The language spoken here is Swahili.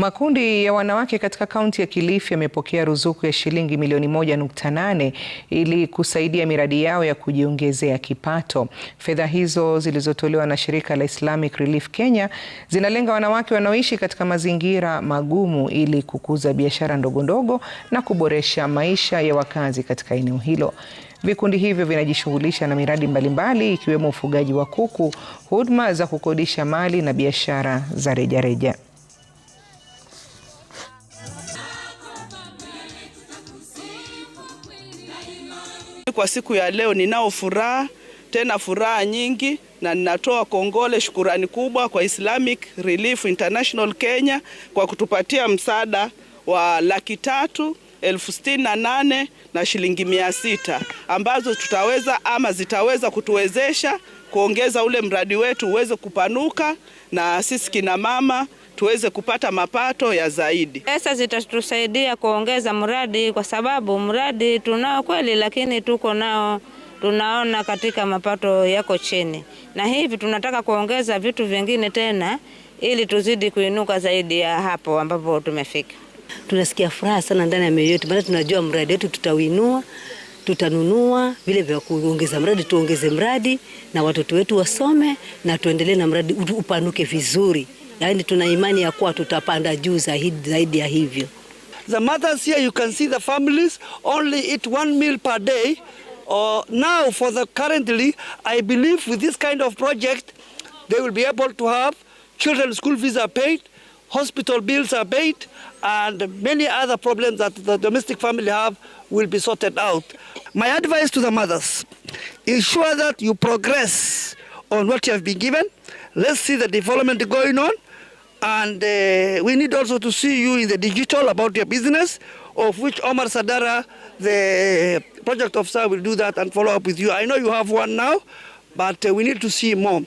Makundi ya wanawake katika kaunti ya Kilifi yamepokea ruzuku ya shilingi milioni moja nukta nane ili kusaidia miradi yao ya kujiongezea kipato. Fedha hizo zilizotolewa na shirika la Islamic Relief Kenya zinalenga wanawake wanaoishi katika mazingira magumu ili kukuza biashara ndogo ndogo na kuboresha maisha ya wakazi katika eneo hilo. Vikundi hivyo vinajishughulisha na miradi mbalimbali ikiwemo ufugaji wa kuku, huduma za kukodisha mali na biashara za rejareja. Kwa siku ya leo ninao furaha tena furaha nyingi, na ninatoa kongole, shukurani kubwa kwa Islamic Relief International Kenya kwa kutupatia msaada wa laki tatu elfu sitini na nane na shilingi mia sita ambazo tutaweza ama zitaweza kutuwezesha kuongeza ule mradi wetu uweze kupanuka na sisi kina mama tuweze kupata mapato ya zaidi. Pesa zitatusaidia kuongeza mradi, kwa sababu mradi tunao kweli, lakini tuko nao tunaona katika mapato yako chini, na hivi tunataka kuongeza vitu vingine tena ili tuzidi kuinuka zaidi ya hapo ambapo tumefika. Tunasikia furaha sana ndani ya mioyo yetu, maana tunajua mradi wetu tutauinua, tutanunua vile vya kuongeza mradi, tuongeze mradi na watoto wetu wasome na tuendelee na mradi upanuke vizuri yaani tuna imani ya kuwa tutapanda juu zaidi zaidi ya hivyo. The mothers here you can see the families only eat one meal per day. Uh, now for the currently I believe with this kind of project they will be able to have children school fees are paid, hospital bills are paid and many other problems that the domestic family have will be sorted out. My advice to the mothers ensure that you progress on what you have been given. Let's see the development going on. And uh, we need also to see you in the digital about your business, of which Omar Sadara, the uh, project officer, will do that and follow up with you. I know you have one now, but uh, we need to see more.